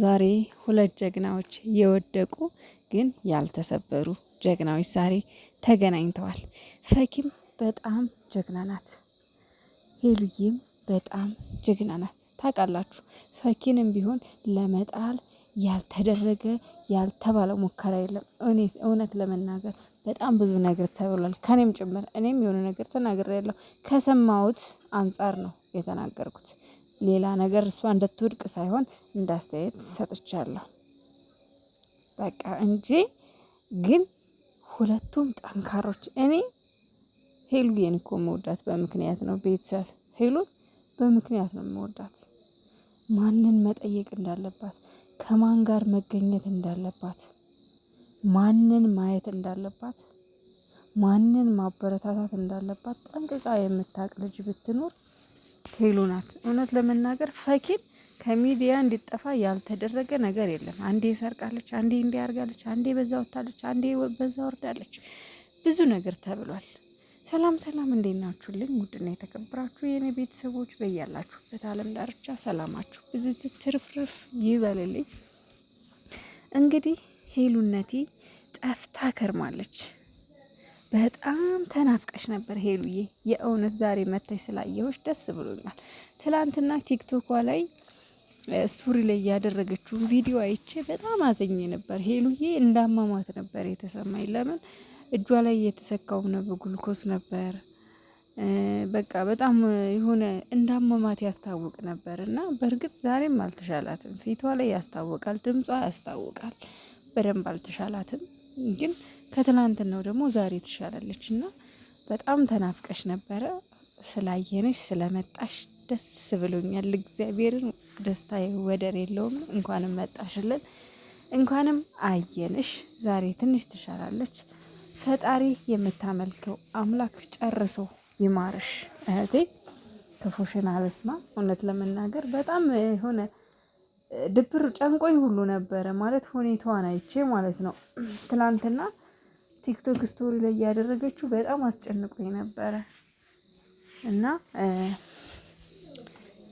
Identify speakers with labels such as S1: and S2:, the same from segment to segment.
S1: ዛሬ ሁለት ጀግናዎች የወደቁ ግን ያልተሰበሩ ጀግናዎች ዛሬ ተገናኝተዋል። ፈኪም በጣም ጀግና ናት፣ ሄሉዬም በጣም ጀግና ናት። ታውቃላችሁ ፈኪንም ቢሆን ለመጣል ያልተደረገ ያልተባለው ሙከራ የለም። እውነት ለመናገር በጣም ብዙ ነገር ተብሏል፣ ከኔም ጭምር እኔም የሆነ ነገር ተናግሬ ከሰማሁት አንጻር ነው የተናገርኩት። ሌላ ነገር እሷ እንድትወድቅ ሳይሆን እንዳስተያየት ሰጥቻለሁ። በቃ እንጂ ግን ሁለቱም ጠንካሮች። እኔ ሄሉ እኮ መወዳት በምክንያት ነው ቤተሰብ። ሄሉ በምክንያት ነው መወዳት። ማንን መጠየቅ እንዳለባት፣ ከማን ጋር መገኘት እንዳለባት፣ ማንን ማየት እንዳለባት፣ ማንን ማበረታታት እንዳለባት ጠንቅቃ የምታቅ ልጅ ብትኖር ሄሉ ናት። እውነት ለመናገር ፈኪን ከሚዲያ እንዲጠፋ ያልተደረገ ነገር የለም። አንዴ ሰርቃለች፣ አንዴ እንዲያርጋለች፣ አንዴ በዛ ወታለች፣ አንዴ በዛ ወርዳለች። ብዙ ነገር ተብሏል። ሰላም ሰላም፣ እንዴት ናችሁልኝ? ውድና የተከበራችሁ የእኔ ቤተሰቦች በያላችሁበት ዓለም ዳርቻ ሰላማችሁ ብዝዝ ትርፍርፍ ይበልልኝ። እንግዲህ ሄሉነቴ ጠፍታ ከርማለች። በጣም ተናፍቀሽ ነበር ሄሉዬ። የእውነት ዛሬ መታይ ስላየሁሽ ደስ ብሎኛል። ትላንትና ቲክቶኳ ላይ ስቶሪ ላይ ያደረገችውን ቪዲዮ አይቼ በጣም አዘኝ ነበር ሄሉዬ። እንዳማሟት ነበር የተሰማኝ። ለምን እጇ ላይ የተሰካው ነበር በጉልኮስ ነበር በቃ በጣም የሆነ እንዳመማት ያስታውቅ ነበር። እና በእርግጥ ዛሬም አልተሻላትም። ፊቷ ላይ ያስታውቃል፣ ድምጿ ያስታውቃል። በደንብ አልተሻላትም። ግን ከትላንትናው ደግሞ ዛሬ ትሻላለች እና በጣም ተናፍቀሽ ነበረ። ስላየነሽ ስለመጣሽ ደስ ብሎኛል። እግዚአብሔርን ደስታ ወደር የለውም። እንኳንም መጣሽልን፣ እንኳንም አየንሽ። ዛሬ ትንሽ ትሻላለች። ፈጣሪ የምታመልከው አምላክ ጨርሶ ይማርሽ እህቴ። ክፉሽን አልስማ። እውነት ለመናገር በጣም የሆነ ድብር ጨንቆኝ ሁሉ ነበረ ማለት ሁኔታዋን አይቼ ማለት ነው። ትላንትና ቲክቶክ ስቶሪ ላይ እያደረገችው በጣም አስጨንቆኝ ነበረ እና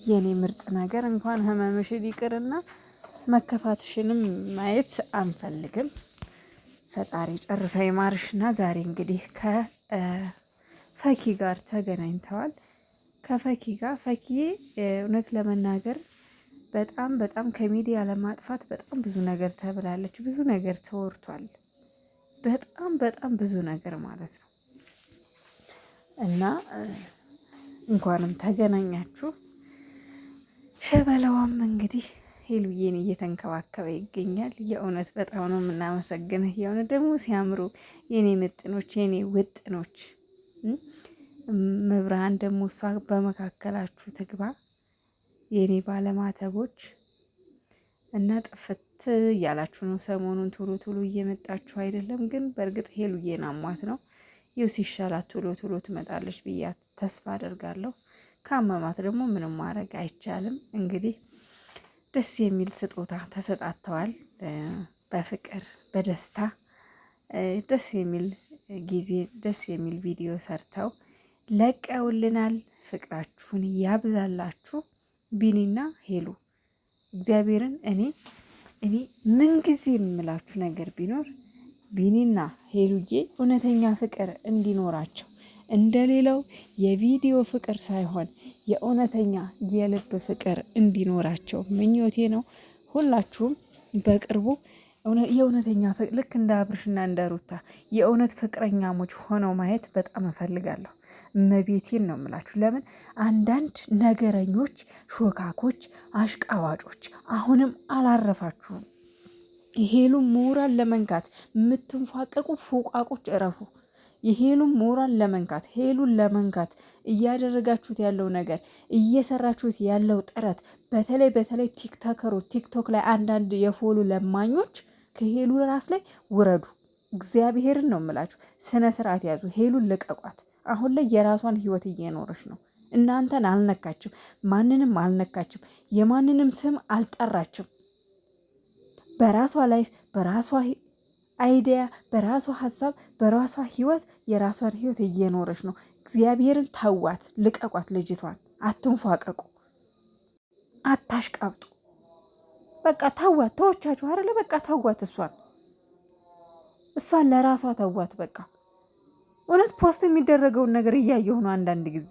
S1: የኔ ምርጥ ነገር እንኳን ህመምሽን ይቅርና መከፋትሽንም ማየት አንፈልግም። ፈጣሪ ጨርሶ ይማርሽና ዛሬ እንግዲህ ከፈኪ ጋር ተገናኝተዋል። ከፈኪ ጋር ፈኪ እውነት ለመናገር በጣም በጣም ከሚዲያ ለማጥፋት በጣም ብዙ ነገር ተብላለች፣ ብዙ ነገር ተወርቷል። በጣም በጣም ብዙ ነገር ማለት ነው። እና እንኳንም ተገናኛችሁ። ሸበለዋም እንግዲህ ሄሉዬን እየተንከባከበ ይገኛል። የእውነት በጣም ነው የምናመሰግንህ። የእውነት ደግሞ ሲያምሩ የኔ ምጥኖች፣ የኔ ውጥኖች። መብርሃን ደግሞ እሷ በመካከላችሁ ትግባ። የኔ ባለማተቦች እና ጥፍት እያላችሁ ነው ሰሞኑን። ቶሎ ቶሎ እየመጣችሁ አይደለም፣ ግን በእርግጥ ሄሉዬን አሟት ነው። ይው ሲሻላት ቶሎ ቶሎ ትመጣለች ብያት ተስፋ አደርጋለሁ። ከአመማት ደግሞ ምንም ማድረግ አይቻልም። እንግዲህ ደስ የሚል ስጦታ ተሰጣተዋል። በፍቅር በደስታ ደስ የሚል ጊዜ ደስ የሚል ቪዲዮ ሰርተው ለቀውልናል። ፍቅራችሁን ያብዛላችሁ። ቢኒና ሄሉ እግዚአብሔርን እኔ እኔ ምንጊዜ የምላችሁ ነገር ቢኖር ቢኒና ሄሉዬ እውነተኛ ፍቅር እንዲኖራቸው እንደሌላው የቪዲዮ ፍቅር ሳይሆን የእውነተኛ የልብ ፍቅር እንዲኖራቸው ምኞቴ ነው። ሁላችሁም በቅርቡ የእውነተኛ ልክ እንደ አብርሽና እንደ ሩታ የእውነት ፍቅረኛሞች ሆነው ማየት በጣም እፈልጋለሁ። እመቤቴን ነው የምላችሁ። ለምን አንዳንድ ነገረኞች፣ ሾካኮች፣ አሽቃባጮች አሁንም አላረፋችሁም። የሄሉ ምሁራን ለመንካት የምትንፏቀቁ ፎቃቆች እረፉ። የሄሉን ምሁራን ለመንካት ሄሉን ለመንካት እያደረጋችሁት ያለው ነገር እየሰራችሁት ያለው ጥረት በተለይ በተለይ ቲክቶከሮች ቲክቶክ ላይ አንዳንድ የፎሉ ለማኞች ከሄሉ ራስ ላይ ውረዱ። እግዚአብሔርን ነው የምላችሁ። ስነ ስርዓት ያዙ። ሄሉን ልቀቋት። አሁን ላይ የራሷን ህይወት እየኖረች ነው። እናንተን አልነካችም፣ ማንንም አልነካችም፣ የማንንም ስም አልጠራችም። በራሷ ላይፍ፣ በራሷ አይዲያ፣ በራሷ ሀሳብ፣ በራሷ ህይወት የራሷን ህይወት እየኖረች ነው። እግዚአብሔርን ተዋት፣ ልቀቋት፣ ልጅቷን አትንፏቀቁ፣ አታሽቃብጡ። በቃ ተዋት፣ ተወቻችሁ አይደለ? በቃ ተዋት፣ እሷን እሷን ለራሷ ተዋት በቃ እውነት ፖስት የሚደረገውን ነገር እያየሁ ነው አንዳንድ ጊዜ